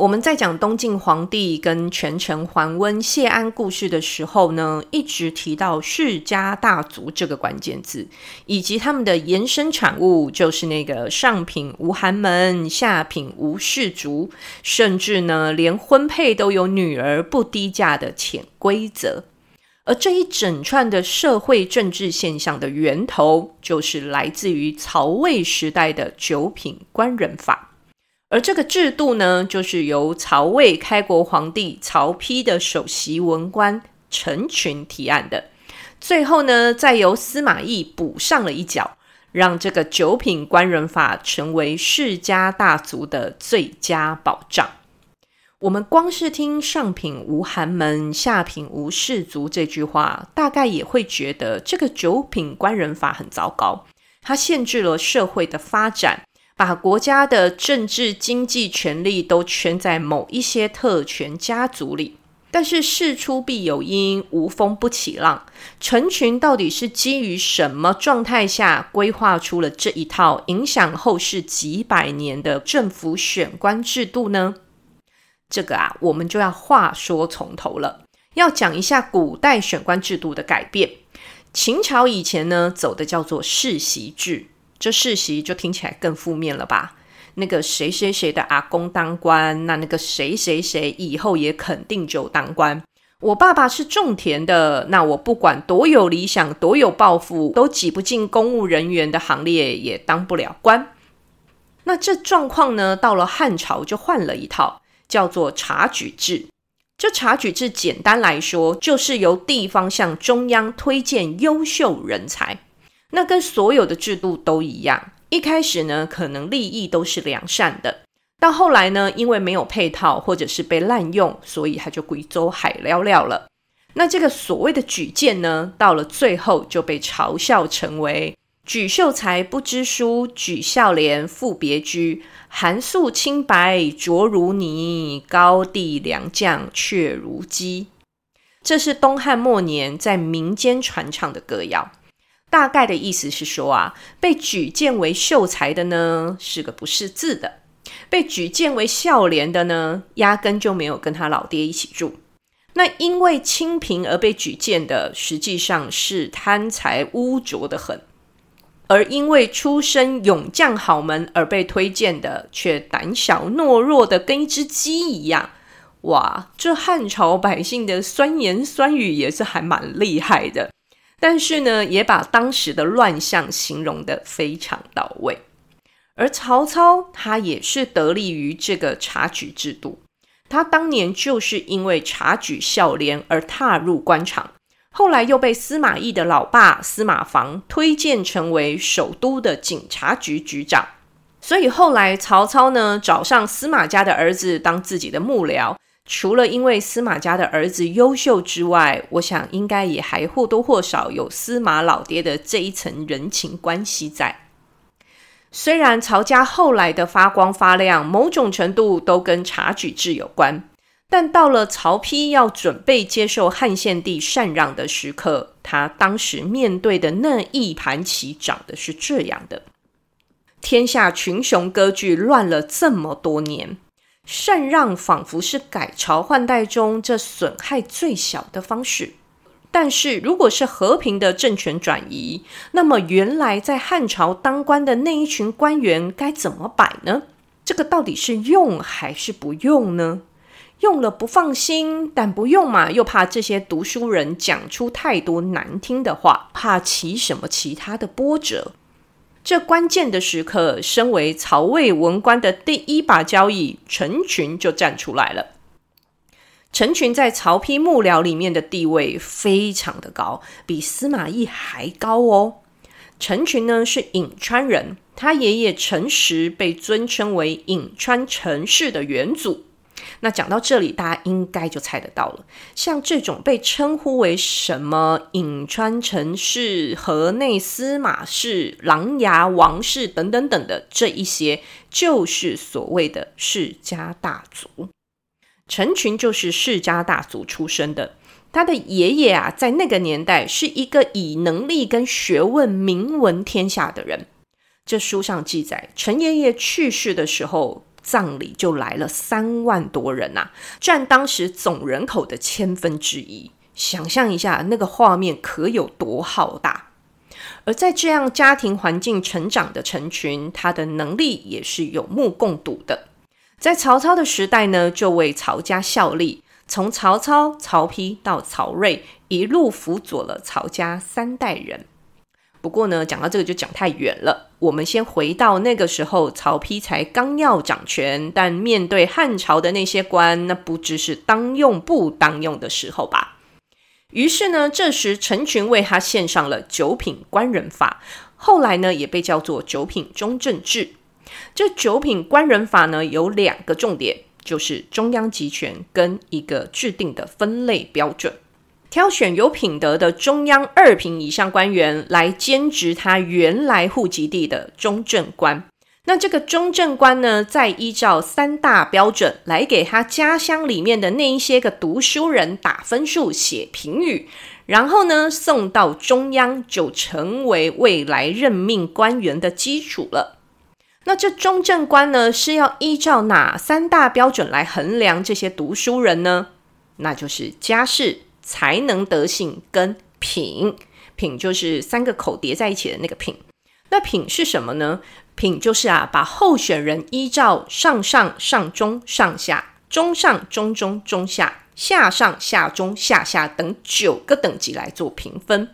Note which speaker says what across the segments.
Speaker 1: 我們在講東晉皇帝跟權臣桓溫、謝安故事的時候呢，一直提到世家大族這個關鍵字，以及他們的延伸產物，就是那個上品無寒門，下品無士族，甚至呢，連婚配都有女兒不低嫁的潛規則。而這一整串的社會政治現象的源頭，就是來自於曹魏時代的九品官人法。而這個制度呢，就是由曹魏開國皇帝曹丕的首席文官陳群提案的，最後呢，再由司馬懿補上了一腳，讓這個九品官人法成為世家大族的最佳保障。我們光是聽“上品無寒門，下品無士族”這句話，大概也會覺得這個九品官人法很糟糕，它限制了社會的發展。把國家的政治經濟權力都圈在某一些特權家族裡，但是事出必有因，無風不起浪。陳群到底是基於什麼狀態下規劃出了這一套影響後世幾百年的政府選官制度呢？這個啊，我們就要話說從頭了，要講一下古代選官制度的改變。秦朝以前呢，走的叫做世襲制。這世襲就聽起來更負面了吧？那個誰誰誰的阿公當官，那那個誰誰誰以後也肯定就當官。我爸爸是種田的，那我不管多有理想、多有抱負，都擠不進公務人員的行列，也當不了官。那這狀況呢？到了漢朝就換了一套，叫做察舉制。這察舉制簡單來說，就是由地方向中央推薦優秀人才。那跟所有的制度都一樣，一開始呢，可能利益都是良善的，到後來呢，因為沒有配套或者是被濫用，所以他就整組害了了了。那這個所謂的舉薦呢，到了最後就被嘲笑成為“舉秀才不知書，舉孝廉父別居。寒素清白濁如泥，高第良將卻如雞。”這是東漢末年在民間傳唱的歌謠。大概的意思是說啊，被舉薦為秀才的呢，是個不識字的，被舉薦為孝廉的呢，壓根就沒有跟他老爹一起住。那因為清貧而被舉薦的，實際上是貪財污濁的很，而因為出身勇將豪門而被推薦的卻膽小懦弱的跟一隻雞一樣。哇，這漢朝百姓的酸言酸語也是還蠻厲害的。但是呢，也把當時的亂象形容得非常到位。而曹操他也是得力於這個察舉制度，他當年就是因為察舉孝廉而踏入官場，後來又被司馬懿的老爸司馬防推薦成為首都的警察局局長，所以後來曹操呢，找上司馬家的兒子當自己的幕僚。除了因為司馬家的兒子優秀之外，我想應該也還或多或少有司馬老爹的這一層人情關係在。雖然曹家後來的發光發亮，某種程度都跟察舉制有關，但到了曹丕要準備接受漢獻帝禪讓的時刻，他當時面對的那一盤棋，長的是這樣的：天下群雄割據，亂了這麼多年。禪讓仿佛是改朝換代中這損害最小的方式，但是如果是和平的政權轉移，那麼原來在漢朝當官的那一群官員該怎麼擺呢？這個到底是用還是不用呢？用了不放心，但不用嘛，又怕這些讀書人講出太多難聽的話，怕起什麼其他的波折。這關鍵的時刻，身為曹魏文官的第一把交椅，陳群就站出來了。陳群在曹丕幕僚裡面的地位非常的高，比司馬懿還高哦。陳群呢，是潁川人，他爺爺陳寔被尊稱為潁川陳氏的元祖。那講到這裡，大家應該就猜得到了。像這種被稱呼為什麼潁川陳氏、河內司馬氏、琅琊王氏等等等的這一些，就是所謂的世家大族。陳群就是世家大族出身的，他的爺爺啊，在那個年代是一個以能力跟學問名聞天下的人。這書上記載，陳爺爺去世的時候，葬禮就來了三萬多人吶、啊，佔當時總人口的千分之一。想象一下那個畫面，可有多浩大！而在這樣家庭環境成長的陳群，他的能力也是有目共睹的。在曹操的時代呢，就為曹家效力，從曹操、曹丕到曹叡，一路輔佐了曹家三代人。不過呢，講到這個就講太遠了。我們先回到那個時候，曹丕才剛要掌權，但面對漢朝的那些官，那不知是當用不當用的時候吧。於是呢，這時陳群為他獻上了九品官人法，後來呢也被叫做九品中正制。這九品官人法呢有兩個重點，就是中央集權跟一個制定的分類標準。挑選有品德的中央二品以上官員來兼職他原來戶籍地的中正官。那這個中正官呢，再依照三大標準來給他家鄉裡面的那一些個讀書人打分數、寫評語，然後呢送到中央就成為未來任命官員的基礎了。那這中正官呢是要依照哪三大標準來衡量這些讀書人呢？那就是家世。才能德行、跟品，品就是三個口疊在一起的那個品。那品是什麼呢？品就是啊，把候選人依照上上、上中、上下、中上、中中、中下、下上、下中、下下等九個等級來做評分。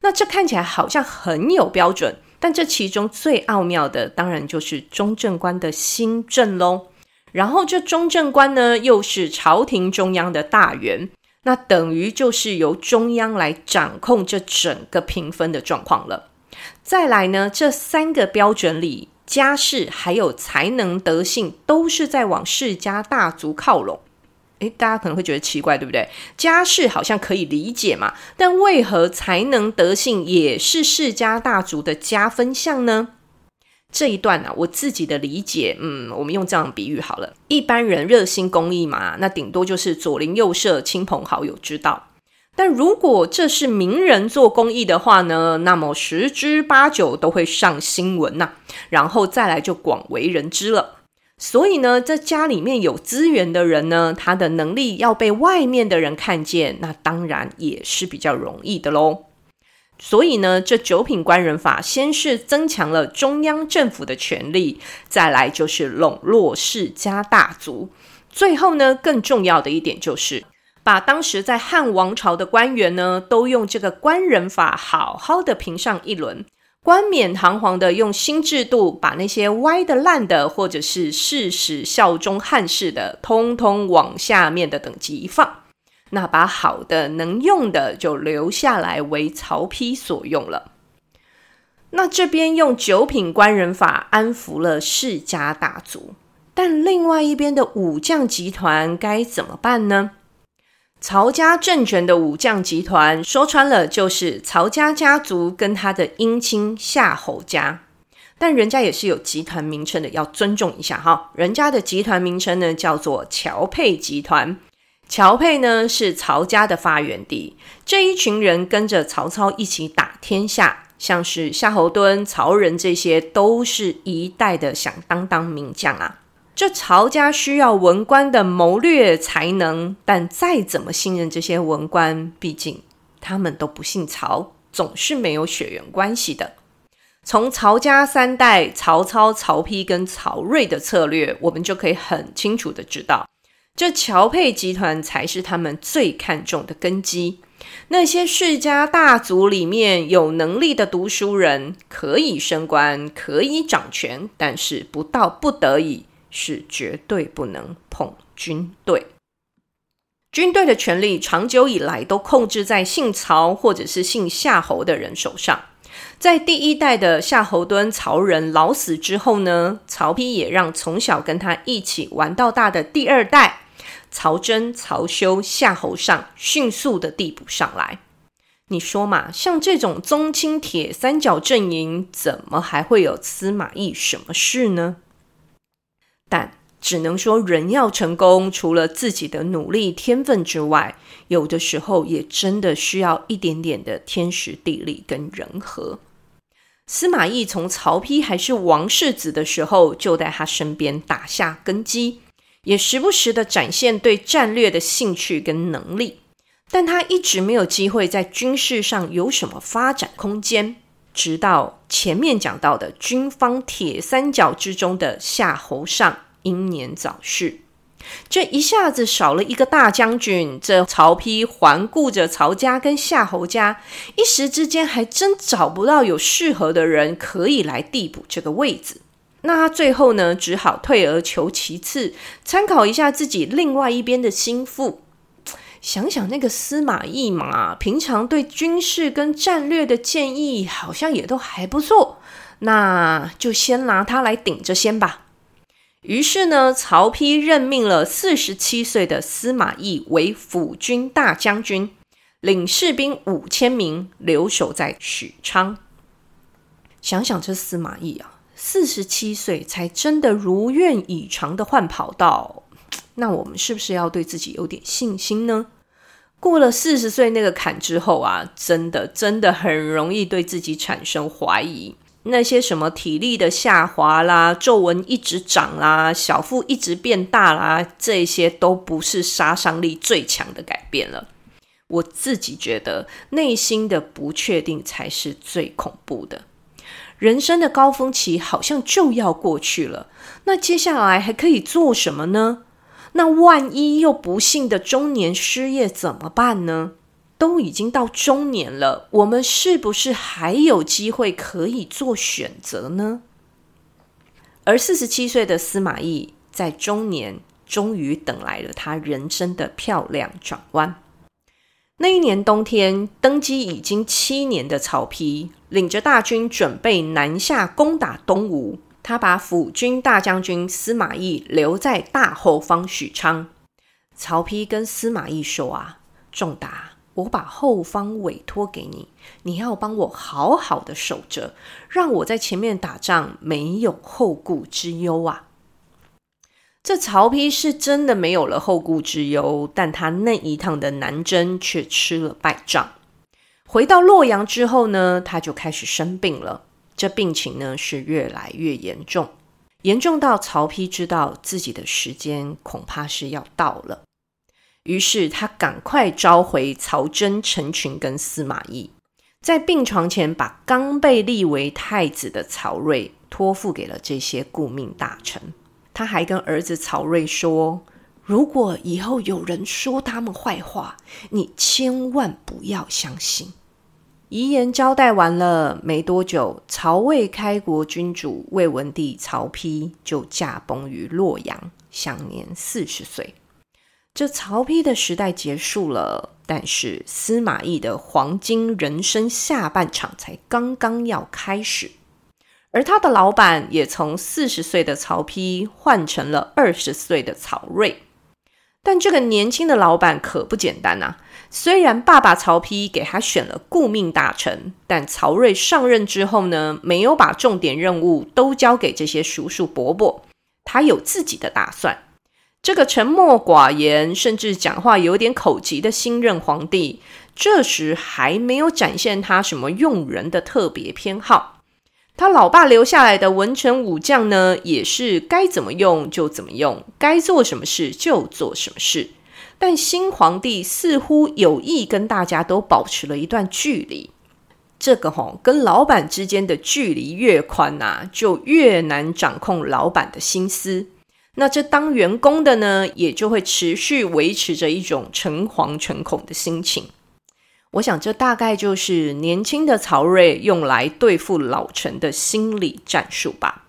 Speaker 1: 那這看起來好像很有標準，但這其中最奧妙的當然就是中正官的心證嘍。然後這中正官呢，又是朝廷中央的大員。那等於就是由中央來掌控這整個評分的狀況了。再來呢，這三個標準裡，家世還有才能德性，都是在往世家大族靠攏。哎，大家可能會覺得奇怪，對不對？家世好像可以理解嘛，但為何才能德性也是世家大族的加分項呢？這一段啊，我自己的理解，嗯，我們用這樣比喻好了。一般人熱心公益嘛，那頂多就是左鄰右舍、親朋好友知道。但如果這是名人做公益的話呢，那麼十之八九都會上新聞吶啊，然後再來就廣為人知了。所以呢，在家裡面有資源的人呢，他的能力要被外面的人看見，那當然也是比較容易的嘍。所以呢，這九品官人法先是增強了中央政府的權力，再來就是籠絡世家大族，最後呢，更重要的一點就是，把當時在漢王朝的官員呢，都用這個官人法好好的評上一輪，冠冕堂皇的用新制度把那些歪的、爛的，或者是誓死效忠漢室的，通通往下面的等級一放。那把好的、能用的就留下來為曹丕所用了。那這邊用九品官人法安撫了世家大族，但另外一邊的武將集團該怎麼辦呢？曹家政權的武將集團，說穿了就是曹家家族跟他的姻親夏侯家，但人家也是有集團名稱的，要尊重一下哈。人家的集團名稱呢，叫做譙沛集團。譙沛呢是曹家的發源地，這一群人跟着曹操一起打天下，像是夏侯惇、曹仁這些，都是一代的響噹噹名將啊。這曹家需要文官的謀略才能，但再怎麼信任這些文官，畢竟他們都不姓曹，總是沒有血緣關係的。從曹家三代——曹操、曹丕跟曹叡的策略，我們就可以很清楚的知道。這譙沛集團才是他們最看重的根基。那些世家大族裡面有能力的讀書人可以升官，可以掌權，但是不到不得已，是絕對不能碰軍隊。軍隊的權力長久以來都控制在姓曹或者是姓夏侯的人手上。在第一代的夏侯惇、曹仁老死之後呢，曹丕也讓從小跟他一起玩到大的第二代，曹真、曹休、夏侯尚迅速的遞補上來。你說嘛，像這種宗親鐵三角陣營，怎麼還會有司馬懿什麼事呢？但只能說，人要成功，除了自己的努力、天分之外，有的時候也真的需要一點點的天時地利跟人和。司馬懿從曹丕還是王世子的時候，就在他身邊打下根基。也時不時地展現對戰略的興趣跟能力，但他一直沒有機會在軍事上有什麼發展空間。直到前面講到的軍方鐵三角之中的夏侯尚英年早逝，這一下子少了一個大將軍。這曹丕環顧着曹家跟夏侯家，一時之間還真找不到有適合的人可以來遞補這個位置。那他最後呢，只好退而求其次，參考一下自己另外一邊的心腹，想想那個司馬懿嘛，平常對軍事跟戰略的建議好像也都還不錯，那就先拿他來頂着先吧。於是呢，曹丕任命了四十七歲的司馬懿為撫軍大將軍，領士兵五千名，留守在許昌。想想這司馬懿啊。四十七歲才真的如願以償的換跑道，那我們是不是要對自己有點信心呢？過了四十歲那個坎之後啊，真的真的很容易對自己產生懷疑。那些什麼體力的下滑啦、皺紋一直長啦、小腹一直變大啦，這些都不是殺傷力最強的改變了。我自己覺得內心的不確定才是最恐怖的。人生的高峰期好像就要過去了，那接下來還可以做什麼呢？那萬一又不幸的中年失業怎麼辦呢？都已經到中年了，我們是不是還有機會可以做選擇呢？而四十七歲的司馬懿在中年終於等來了他人生的漂亮轉彎。那一年冬天，登基已經七年的曹丕，領着大軍準備南下攻打東吳。他把撫軍大將軍司馬懿留在大後方許昌。曹丕跟司馬懿說：“啊，仲達，我把後方委托給你，你要幫我好好的守着，讓我在前面打仗沒有後顧之憂啊。”這曹丕是真的沒有了後顧之憂，但他那一趟的南征卻吃了敗仗。回到洛陽之後呢，他就開始生病了。這病情呢是越來越嚴重，嚴重到曹丕知道自己的時間恐怕是要到了，於是他趕快召回曹真、陳群跟司馬懿，在病床前把剛被立為太子的曹叡托付給了這些顧命大臣。他還跟兒子曹叡說：“如果以後有人說他們壞話，你千萬不要相信。”遺言交代完了，沒多久，曹魏開國君主魏文帝曹丕就駕崩於洛陽，享年四十歲。這曹丕的時代結束了，但是司馬懿的黃金人生下半場才剛剛要開始。而他的老闆也從四十歲的曹丕換成了二十歲的曹叡，但這個年輕的老闆可不簡單吶、啊。雖然爸爸曹丕給他選了顧命大臣，但曹叡上任之後呢，沒有把重點任務都交給這些叔叔伯伯，他有自己的打算。這個沉默寡言，甚至講話有點口吃的新任皇帝，這時還沒有展現他什麼用人的特別偏好。他老爸留下來的文臣武將呢，也是該怎麼用就怎麼用，該做什麼事就做什麼事。但新皇帝似乎有意跟大家都保持了一段距離。這個吼、哦、跟老板之間的距離越寬吶、啊，就越難掌控老板的心思。那這當員工的呢，也就會持續維持着一種誠惶誠恐的心情。我想，這大概就是年輕的曹叡用來對付老臣的心理戰術吧。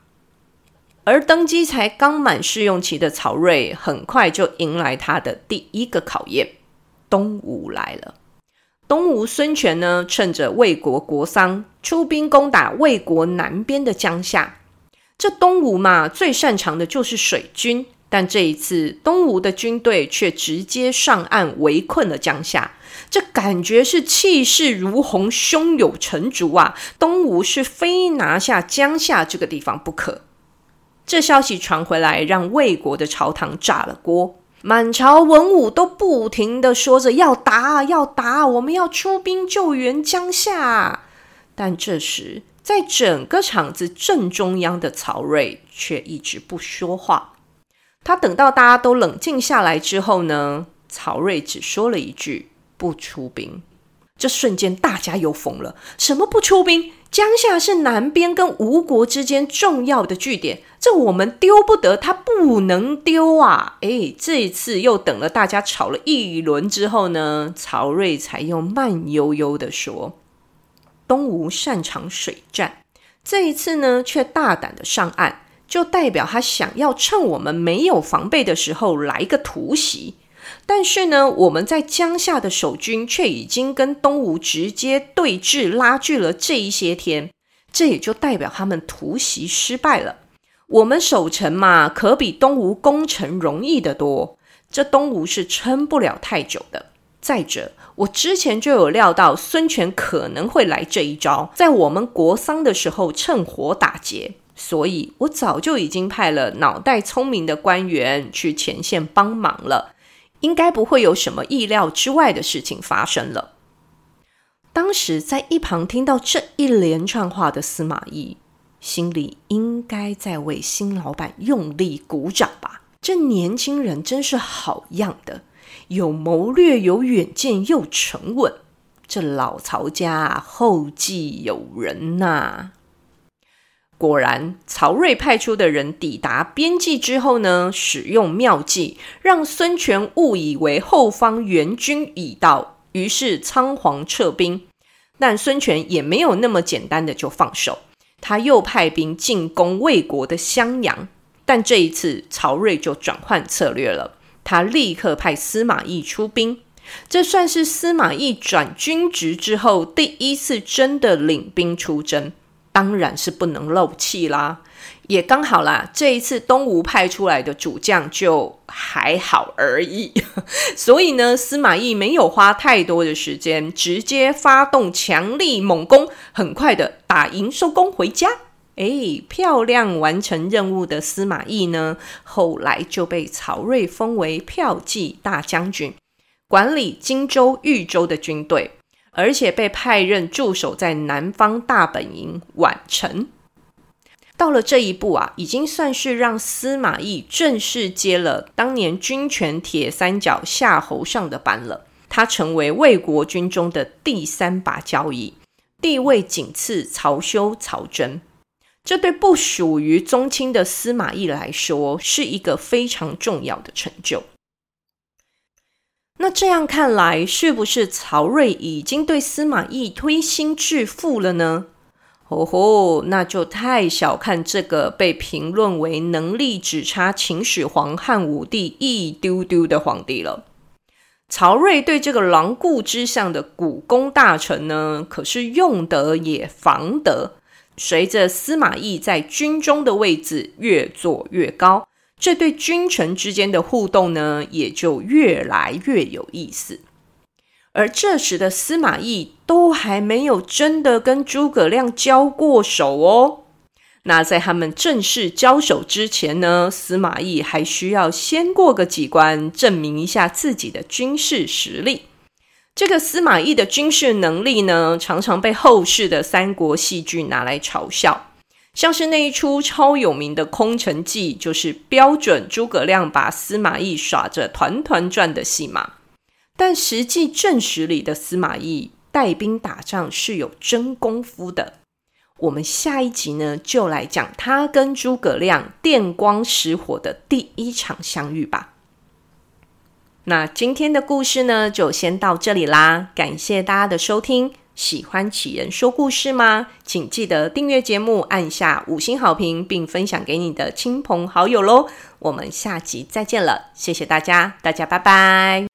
Speaker 1: 而登基才剛滿試用期的曹叡，很快就迎來他的第一個考驗：東吳來了。東吳孫權呢，趁着魏國國喪，出兵攻打魏國南邊的江夏。這東吳嘛，最擅長的就是水軍。但這一次，東吳的軍隊卻直接上岸圍困了江夏，這感覺是氣勢如虹、胸有成竹啊！東吳是非拿下江夏這個地方不可。這消息傳回來，讓魏國的朝堂炸了鍋，滿朝文武都不停地說着要打、要打，我們要出兵救援江夏。但這時，在整個場子正中央的曹叡卻一直不說話。他等到大家都冷靜下來之後呢，曹叡只說了一句“不出兵”，這瞬間大家又瘋了。什麼不出兵？江夏是南邊跟吳國之間重要的據點，這我們丟不得，他不能丟啊！誒，這一次又等了大家吵了一輪之後呢，曹叡才又慢悠悠的說：“東吳擅長水戰，這一次呢卻大膽的上岸。”就代表他想要趁我們沒有防備的時候來個突襲，但是呢，我們在江夏的守軍卻已經跟東吳直接對峙拉鋸了這一些天，這也就代表他們突襲失敗了。我們守城嘛，可比東吳攻城容易得多，這東吳是撐不了太久的。再者，我之前就有料到孫權可能會來這一招，在我們國喪的時候趁火打劫。所以，我早就已經派了腦袋聰明的官員去前線幫忙了，應該不會有什麼意料之外的事情發生了。當時在一旁聽到這一連串話的司馬懿，心裡應該在為新老闆用力鼓掌吧？這年輕人真是好樣的，有謀略、有遠見又沉穩，這老曹家後繼有人吶、啊！果然，曹叡派出的人抵達邊境之後呢，使用妙計，讓孫權誤以為後方援軍已到，於是倉皇撤兵。但孫權也沒有那麼簡單的就放手，他又派兵進攻魏國的襄陽。但這一次，曹叡就轉換策略了，他立刻派司馬懿出兵。這算是司馬懿轉軍職之後第一次真的領兵出征。當然是不能漏氣啦，也剛好啦。這一次東吳派出來的主將就還好而已， 所以呢，司馬懿沒有花太多的時間，直接發動強力猛攻，很快的打贏收工回家。誒，漂亮完成任務的司馬懿呢，後來就被曹睿封為驃騎大將軍，管理荊州、豫州的軍隊。而且被派任駐守在南方大本營宛城，到了這一步啊，已經算是讓司馬懿正式接了當年軍權鐵三角夏侯尚的班了。他成為魏國軍中的第三把交椅，地位僅次曹休、曹真。這對不屬於宗親的司馬懿來說，是一個非常重要的成就。那這樣看來，是不是曹叡已經對司馬懿推心置腹了呢？哦吼，那就太小看這個被評論為能力只差秦始皇、漢武帝一丟丟的皇帝了。曹叡對這個狼顧之相的股肱大臣呢，可是用得也防得。隨着司馬懿在軍中的位置越做越高，這對君臣之間的互動呢，也就越來越有意思。而這時的司馬懿都還沒有真的跟諸葛亮交過手哦。那在他們正式交手之前呢，司馬懿還需要先過個幾關，證明一下自己的軍事實力。這個司馬懿的軍事能力呢，常常被後世的三國戲劇拿來嘲笑。像是那一出超有名的空城計，就是標準諸葛亮把司馬懿耍着團團轉的戲碼。但實際正史裡的司馬懿帶兵打仗是有真功夫的。我們下一集呢，就來講他跟諸葛亮電光石火的第一場相遇吧。那今天的故事呢，就先到這裡啦，感謝大家的收聽。喜歡杞人說故事嗎？請記得訂閱節目，按下五星好評，並分享給你的親朋好友嘍！我們下集再見了，謝謝大家，大家拜拜。